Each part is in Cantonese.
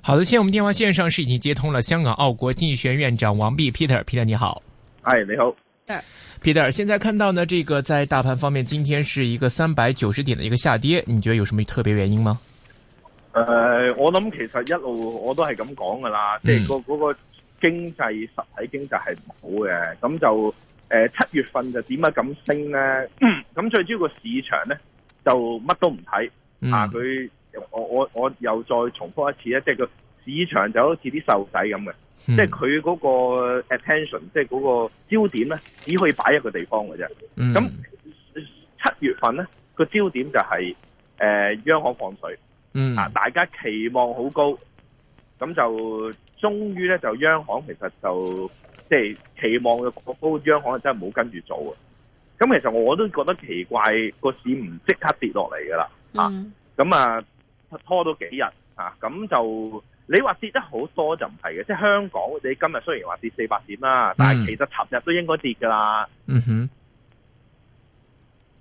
好的，現在我們電話線上是已經接通了香港澳國經濟學院院長王弼 Peter，Peter Peter, 你好，係你好，Peter。現在看到呢，這個在大盤方面，今天是一個三百九十點的一個下跌，你覺得有什麼特別原因嗎？誒，uh, 我諗其實一路我都係咁講噶啦，即係個嗰個經濟實體經濟係唔好嘅，咁就誒七、呃、月份就點解咁升咧，咁 最主要個市場咧就乜都唔睇啊佢。嗯我我我又再重複一次咧，即係個市場就好似啲瘦仔咁嘅，嗯、即係佢嗰個 attention，即係嗰個焦點咧，只可以擺一個地方嘅啫。咁、嗯、七月份咧，個焦點就係、是呃、央行放水，啊、嗯、大家期望好高，咁就終於咧就央行其實就即係、就是、期望嘅高，央行真係冇跟住做啊。咁其實我都覺得奇怪，個市唔即刻跌落嚟噶啦，啊咁、嗯、啊～拖多幾日啊，咁就你話跌得好多就唔係嘅，即係香港你今日雖然話跌四百點啦，嗯、但係其實尋日都應該跌噶啦。嗯哼，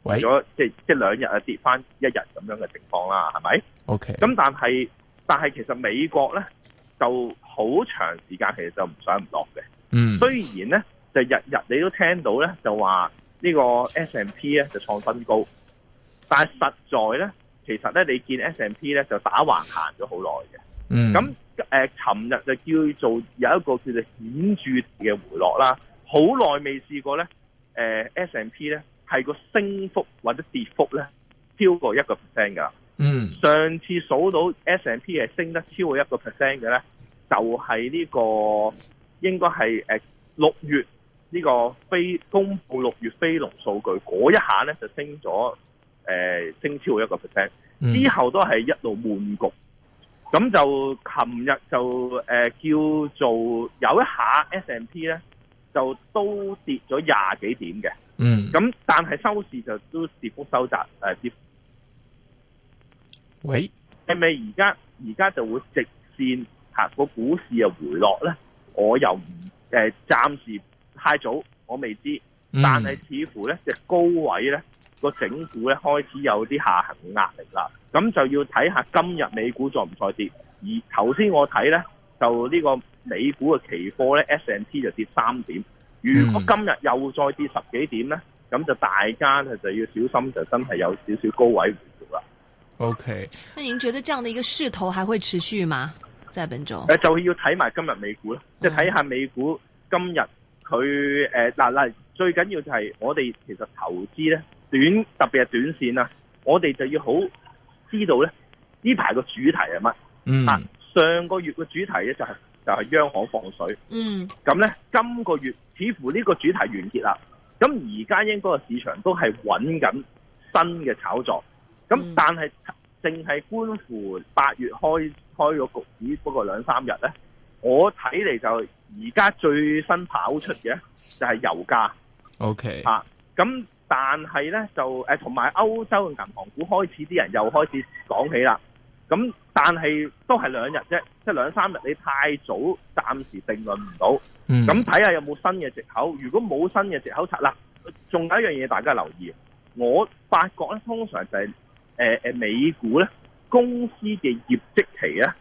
為咗即係即係兩日啊跌翻一日咁樣嘅情況啦，係咪？OK，咁但係但係其實美國咧就好長時間其實就唔上唔落嘅。嗯，雖然咧就日日你都聽到咧就話呢個 S&P 咧就創新高，但係實在咧。其實咧，你見 S&P 咧就打橫行咗好耐嘅。嗯。咁誒，尋日就叫做有一個叫做顯著嘅回落啦。好耐未試過咧，誒 S&P 咧係個升幅或者跌幅咧超過一個 percent 㗎。嗯。上次數到 S&P 係升得超過一個 percent 嘅咧，就係呢個應該係誒六月呢個非公佈六月非農數據嗰一下咧，就升咗。誒，升超一個 percent，之後都係一路悶局，咁就琴日就誒叫做有一下 S M P 咧，就都跌咗廿幾點嘅，嗯，咁但係收市就都跌幅收窄，誒、啊，跌。喂，係咪而家而家就會直線吓個股市又回落咧？我又唔誒，暫時太早，我未知，但係似乎咧，就高位咧。個整股咧開始有啲下行壓力啦，咁就要睇下今日美股再唔再跌。而頭先我睇咧就呢個美股嘅期貨咧 S&P 就跌三點。如果今日又再跌十幾點咧，咁就大家咧就要小心，就真係有少少高位回調啦。O K，那您覺得這樣的一個勢頭還會持續嗎？在本周誒，就要睇埋今日美股啦，即係睇下美股今日佢誒嗱嗱，最緊要就係我哋其實投資咧。短特別係短線啊，我哋就要好知道呢呢排個主題係乜？嗯、啊，上個月個主題呢，就係、是、就係、是、央行放水。嗯，咁呢今個月似乎呢個主題完結啦，咁而家應該個市場都係揾緊新嘅炒作。咁但係淨係觀乎八月開開咗局子嗰個兩三日呢，我睇嚟就而家最新跑出嘅就係油價。OK. 啊，咁。但係咧就，誒，同埋歐洲嘅銀行股開始啲人又開始講起啦。咁但係都係兩日啫，即係兩三日。你太早，暫時定論唔到。咁睇下有冇新嘅借口。如果冇新嘅借口，拆、呃、啦。仲有一樣嘢大家留意，我發覺咧，通常就係誒誒，美股咧公司嘅業績期咧，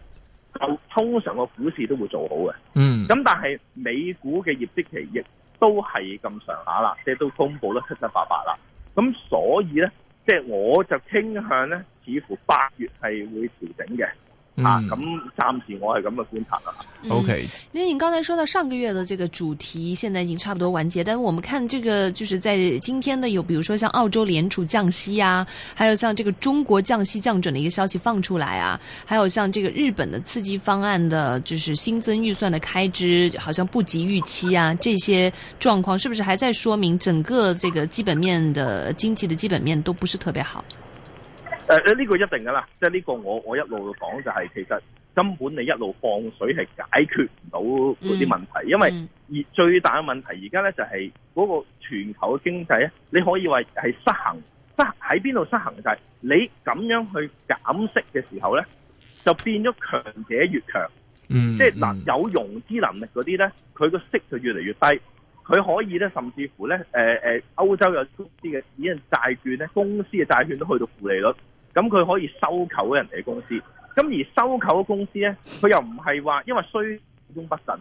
就通常個股市都會做好嘅。嗯。咁但係美股嘅業績期亦都係咁上下啦，即係都公佈得七七八八啦，咁所以咧，即係我就傾向咧，似乎八月係會調整嘅。啊，咁暫時我係咁嘅觀察啦。OK，因為、嗯、你剛才說到上個月的這個主題，現在已經差不多完結。但我們看這個，就是在今天呢，有比如說像澳洲聯儲降息啊，還有像這個中國降息降準的一個消息放出來啊，還有像這個日本的刺激方案的，就是新增預算的開支好像不及預期啊，這些狀況是不是還在說明整個這個基本面的經濟的基本面都不是特別好？誒、呢、呃，這個一定㗎喇，即係呢個我我一路講就係、是，其實根本你一路放水係解決唔到嗰啲問題，嗯、因為而最大嘅問題而家呢，就係、是、嗰個全球嘅經濟呢，你可以話係失衡，失喺邊度失衡就係、是、你咁樣去減息嘅時候呢，就變咗強者越強，嗯、即係嗱、呃、有融資能力嗰啲呢，佢個息就越嚟越低，佢可以呢，甚至乎呢，誒、呃、誒，歐、呃、洲有公司嘅私人債券呢，公司嘅債券都去到負利率。咁佢可以收購人哋嘅公司，咁而收購公司呢，佢又唔係話因為衰中不振，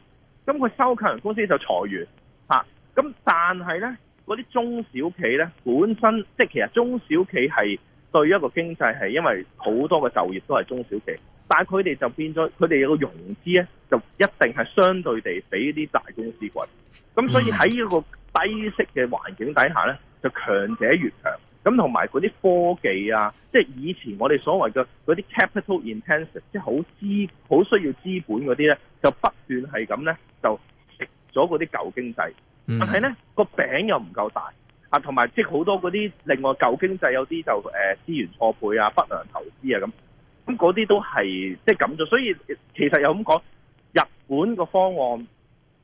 咁佢收購人公司就裁員嚇。咁、啊、但係呢嗰啲中小企呢，本身即係其實中小企係對一個經濟係，因為好多嘅就業都係中小企，但係佢哋就變咗，佢哋有個融資呢，就一定係相對地比啲大公司貴。咁所以喺呢個低息嘅環境底下呢，就強者越強。咁同埋嗰啲科技啊，即係以前我哋所謂嘅嗰啲 capital intensive，即係好資好需要資本嗰啲咧，就不斷係咁咧，就食咗嗰啲舊經濟，但係咧、個餅又唔夠大啊，同埋即好多嗰啲另外舊經濟有啲就誒資源錯配啊、不良投資啊咁，咁嗰啲都係即係咁做。所以其實又咁講，日本個方案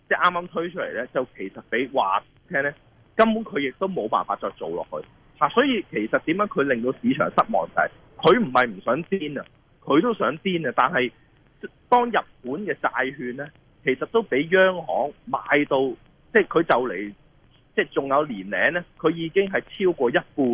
即係啱啱推出嚟咧，就其實俾話聽咧，根本佢亦都冇辦法再做落去。啊，所以其實點解佢令到市場失望就係佢唔係唔想癲啊，佢都想癲啊，但係當日本嘅債券咧，其實都俾央行買到，即係佢就嚟，即係仲有年零咧，佢已經係超過一半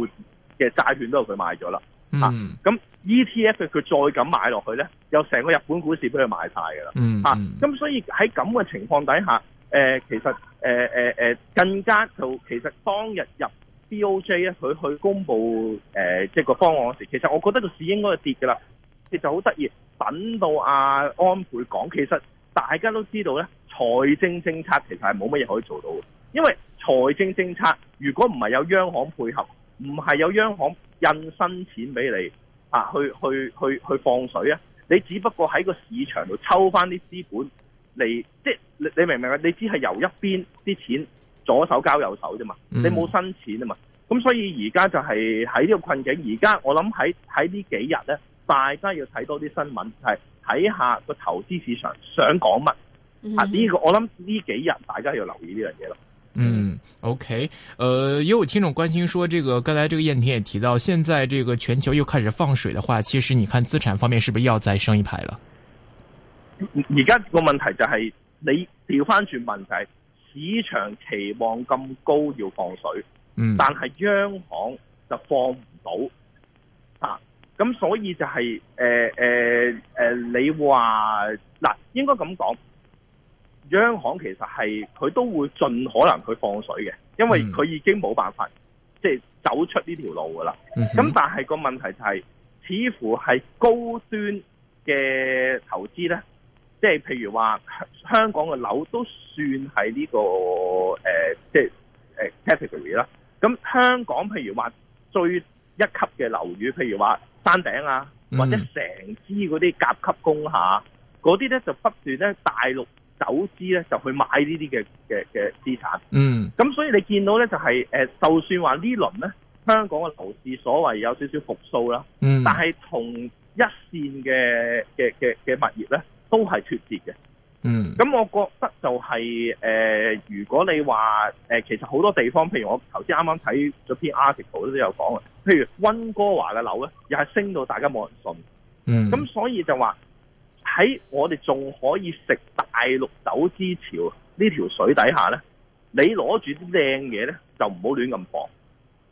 嘅債券都係佢買咗啦。嚇、啊，咁 E T F 佢再噉買落去咧，又成個日本股市俾佢買晒噶啦。嚇、啊，咁所以喺咁嘅情況底下，誒、呃、其實誒誒誒更加就其實當日入。B.O.J. 咧，佢去公布誒即係個方案嗰時，其實我覺得個市應該係跌㗎啦。其實好得意，等到阿安倍講，其實大家都知道咧，財政政策其實係冇乜嘢可以做到嘅，因為財政政策如果唔係有央行配合，唔係有央行印新錢俾你啊，去去去去放水啊，你只不過喺個市場度抽翻啲資本嚟，即係你你明唔明啊？你只係由一邊啲錢。左手交右手啫嘛，你冇新錢啊嘛，咁、嗯、所以而家就係喺呢個困境。而家我諗喺喺呢幾日咧，大家要睇多啲新聞，係睇下個投資市場想講乜。嗯、啊，呢、呢個我諗呢幾日大家要留意呢樣嘢咯。嗯，OK，誒，呃、也有聽眾關心說，這個剛才這個燕婷也提到，現在這個全球又開始放水的話，其實你看資產方面是不是要再升一排了？而家個問題就係、是、你調返轉問題。市場期望咁高要放水，嗯、但係央行就放唔到啊！咁所以就係誒誒誒，你話嗱、啊、應該咁講，央行其實係佢都會盡可能去放水嘅，因為佢已經冇辦法即係、就是、走出呢條路噶啦。咁、嗯、哼但係個問題就係、是、似乎係高端嘅投資咧。即係譬如話，香港嘅樓都算係呢、這個誒、呃，即係誒、呃、category 啦。咁香港譬如話最一級嘅樓宇，譬如話山頂啊，或者成支嗰啲甲級工廈，嗰啲咧就不斷咧大陸走資咧，就去買呢啲嘅嘅嘅資產。嗯，咁所以你見到咧就係、是、誒、呃，就算話呢輪咧香港嘅樓市所謂有少少復蘇啦，嗯，但係同一線嘅嘅嘅嘅物業咧。都係脫節嘅，嗯，咁我覺得就係、是、誒、呃，如果你話誒、呃，其實好多地方，譬如我頭先啱啱睇咗篇 article 都有講，譬如溫哥華嘅樓咧，又係升到大家冇人信，嗯，咁所以就話喺我哋仲可以食大陸走資潮呢條水底下咧，你攞住啲靚嘢咧，就唔好亂咁放。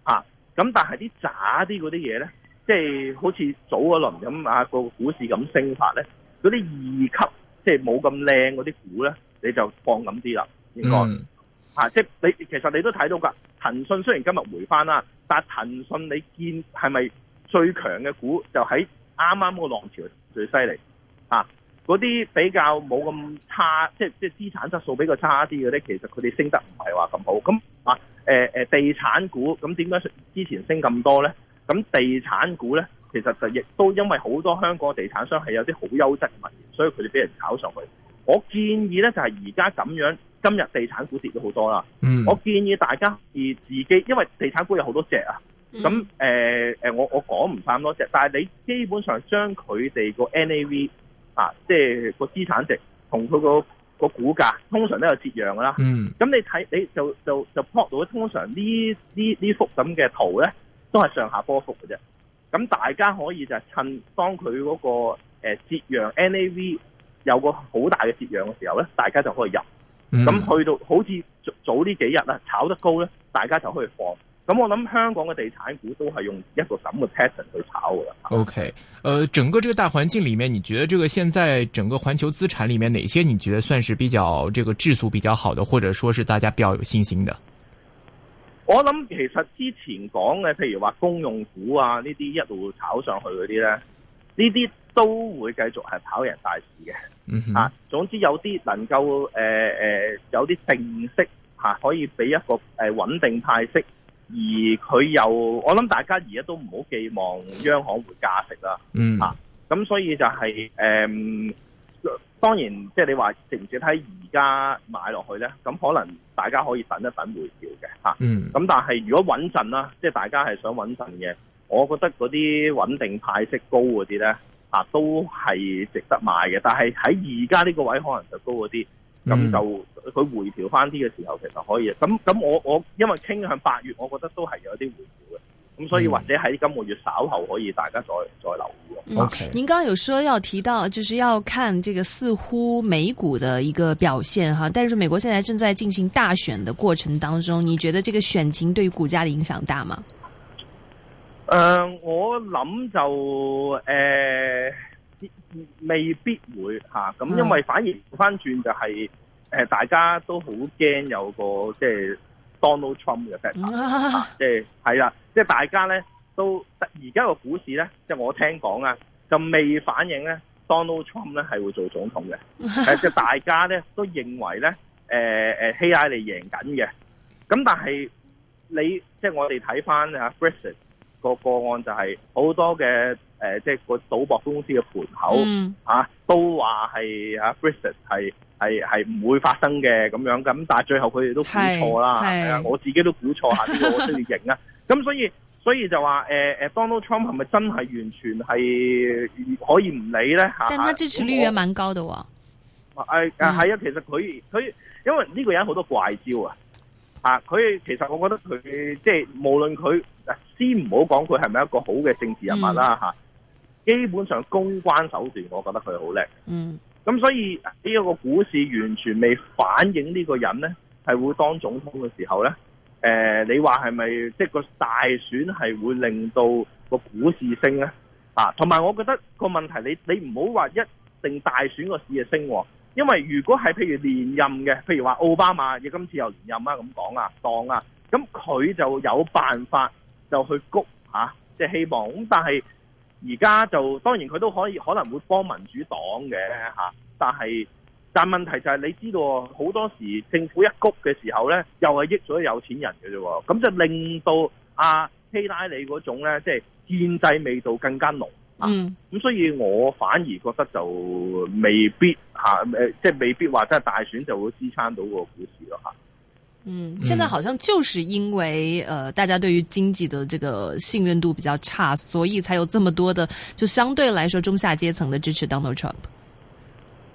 啊！咁但係啲渣啲嗰啲嘢咧，即、就、係、是、好似早嗰輪咁啊，個股市咁升法咧。嗰啲二級即係冇咁靚嗰啲股咧，你就放咁啲啦，應該吓、mm. 啊。即係你其實你都睇到㗎。騰訊雖然今日回翻啦，但係騰訊你見係咪最強嘅股就喺啱啱個浪潮最犀利吓？嗰、啊、啲比較冇咁差，即係即係資產質素比較差啲嘅咧，其實佢哋升得唔係話咁好。咁啊誒誒、呃、地產股，咁點解之前升咁多咧？咁地產股咧？其實就亦都因為好多香港地產商係有啲好優質嘅物，所以佢哋俾人炒上去。我建議呢就係而家咁樣，今日地產股跌咗好多啦。嗯、我建議大家而自己，因為地產股有好多隻啊。咁誒誒，我我講唔翻多隻，但係你基本上將佢哋個 NAV 啊，即、就、係、是、個資產值同佢個個股價，通常都有折讓啦。咁、嗯、你睇你就就就 plot 到，通常呢呢呢幅咁嘅圖呢都係上下波幅嘅啫。咁大家可以就趁當佢嗰個誒折讓 NAV 有個好大嘅折讓嘅時候咧，大家就可以入。咁去到好似早呢幾日啊炒得高咧，大家就可以放。咁我諗香港嘅地產股都係用一個咁嘅 pattern 去炒嘅。OK，呃，整個這個大環境裏面，你覺得這個現在整個環球資產裏面，哪些你覺得算是比較這個質素比較好的，或者說是大家比較有信心的？我諗其實之前講嘅，譬如話公用股啊呢啲一路炒上去嗰啲呢，呢啲都會繼續係跑贏大市嘅。嗯哼、啊、總之有啲能夠誒誒有啲定息吓、啊，可以俾一個誒穩、呃、定派息，而佢又我諗大家而家都唔好寄望央行會加息啦。嗯，咁、啊、所以就係、是、誒。呃當然，即係你話值唔值得喺而家買落去呢？咁可能大家可以等一等回調嘅，吓、嗯。咁但係如果穩陣啦，即係大家係想穩陣嘅，我覺得嗰啲穩定派息高嗰啲呢，啊都係值得買嘅。但係喺而家呢個位，可能就高嗰啲，咁、嗯、就佢回調翻啲嘅時候，其實可以。咁咁我我因為傾向八月，我覺得都係有啲回調嘅。咁、嗯、所以或者喺今個月稍後可以大家再再留意。Okay 嗯，您剛，剛有說要提到，就是要看這個似乎美股的一個表現哈。但是美國現在正在進行大選的過程當中，你覺得這個選情對於股價的影響大嗎？誒、呃，我諗就誒、呃、未必會吓咁，啊嗯、因為反而翻轉就係、是、誒、呃、大家都好驚有個即係 Donald Trump 嘅 effect，即係係啦。啊就是即係大家咧都而家個股市咧，即係我聽講啊，就未反映咧，Donald Trump 咧係會做總統嘅。即係 大家咧都認為咧，誒、呃、誒，希拉里贏緊嘅。咁但係你即係我哋睇翻啊，Brexit 個個案就係、是、好多嘅誒、呃，即係個賭博公司嘅盤口、嗯、啊，都話係啊，Brexit 係係係唔會發生嘅咁樣。咁但係最後佢哋都估錯啦。係啊，我自己都估錯下邊個會贏啦。咁所以所以就話，誒誒 Donald Trump 係咪真係完全係可以唔理咧吓？但他支持率也蠻高的喎、哦。誒誒係啊，呃呃嗯、其實佢佢因為呢個人好多怪招啊，佢其實我覺得佢即係無論佢先唔好講佢係咪一個好嘅政治人物啦吓，嗯、基本上公關手段我覺得佢好叻。嗯。咁所以呢一個股市完全未反映呢個人咧係會當總統嘅時候咧。誒、呃，你話係咪即係個大選係會令到個股市升呢？啊，同埋我覺得個問題，你你唔好話一定大選個市就升，哦，因為如果係譬如連任嘅，譬如話奧巴馬，你今次又連任啊咁講啊，當啊，咁佢就有辦法就去谷嚇，即、啊、係、即係、希望。咁但係而家就當然佢都可以可能會幫民主黨嘅嚇，啊，但係。但問題就係你知道好多時政府一谷嘅時候咧，又係益咗有錢人嘅啫，咁就令到阿希拉里嗰種咧，即係建制味道更加濃。嗯，咁、啊、所以我反而覺得就未必、啊呃、即係未必話真係大選就會支撐到個股市咯吓，啊、嗯，現在好像就是因為，呃，大家對於經濟的這個信任度比較差，所以才有這麼多的，就相對來說中下階層的支持 Donald Trump。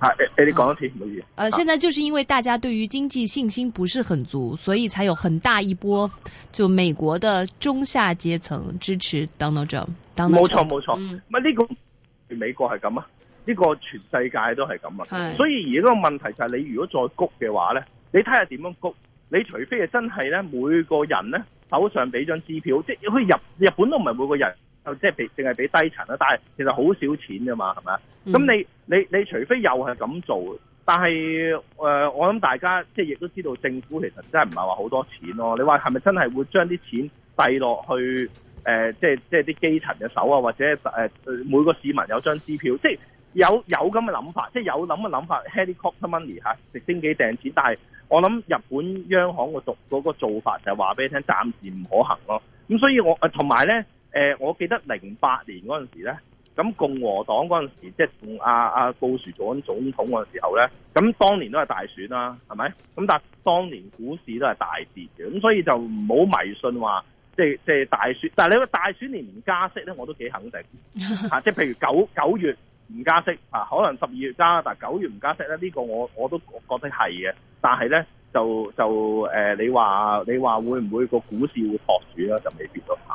哎、啊！你講多次，冇、啊、嘢。誒，現在就是因為大家對於經濟信心不是很足，所以才有很大一波，就美國的中下階層支持 Donald 特朗普。特朗普冇錯冇錯，唔係呢個美國係咁啊，呢、呢個全世界都係咁啊。的所以而家個問題就係你如果再谷嘅話咧，你睇下點樣谷？你除非係真係咧，每個人咧手上俾張支票，即係去日日本都唔係每個人。就即係俾淨係俾低層啦，但係其實好少錢㗎嘛，係咪啊？咁你你你除非又係咁做，但係誒、呃，我諗大家即係亦都知道政府其實真係唔係話好多錢咯。你話係咪真係會將啲錢遞落去誒、呃，即係即係啲基層嘅手啊，或者誒、呃、每個市民有張支票，即係有有咁嘅諗法，即係有諗嘅諗法。Helicopter money 嚇，直升機掟錢，但係我諗日本央行個做嗰個做法就係話俾你聽，暫時唔可行咯。咁所以我誒同埋咧。誒、呃，我記得零八年嗰陣時咧，咁共和黨嗰陣時，即係同阿阿布殊做緊總統嗰陣時候咧，咁當年都係大選啦，啊，係咪？咁但係當年股市都係大跌嘅，咁所以就唔好迷信話，即係即係大選。但係你話大選年唔加息咧，我都幾肯定吓。即，啊，係，就是，譬如九九月唔加息啊，可能十二月加，但係九月唔加息咧，呢，呢個我我都覺得係嘅。但係咧就就誒、呃，你話你話會唔會個股市會托住啦，就未必咯吓。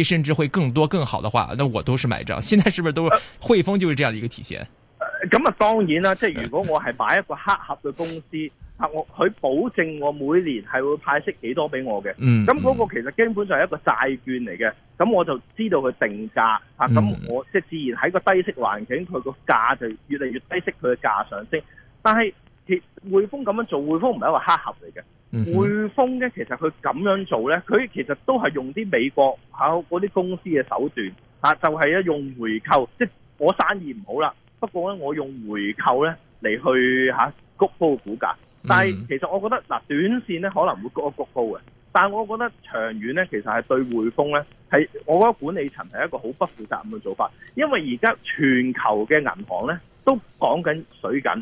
甚至會更多更好的話，那我都是買賬。現在是不是都、呃、匯豐就是這樣的一個體現？咁啊、呃，當然啦，即係如果我係買一個黑盒嘅公司，啊、呃，我佢、呃、保證我每年係會派息幾多俾我嘅。嗯，咁嗰個其實基本上係一個債券嚟嘅，咁我就知道佢定價。啊，咁我、嗯、即係自然喺個低息環境，佢個價就越嚟越低息，佢嘅價上升，但係。其實匯豐咁樣做，匯豐唔係一個黑盒嚟嘅。匯豐咧，其實佢咁樣做咧，佢其實都係用啲美國吓嗰啲公司嘅手段吓、啊，就係、是、咧用回購，即、就、係、是、我生意唔好啦，不過咧我用回購咧嚟去吓、啊、谷高股價。Mm hmm. 但係其實我覺得嗱、啊，短線咧可能會谷一谷高嘅，但係我覺得長遠咧，其實係對匯豐咧係，我覺得管理層係一個好不負責任嘅做法，因為而家全球嘅銀行咧都講緊水緊。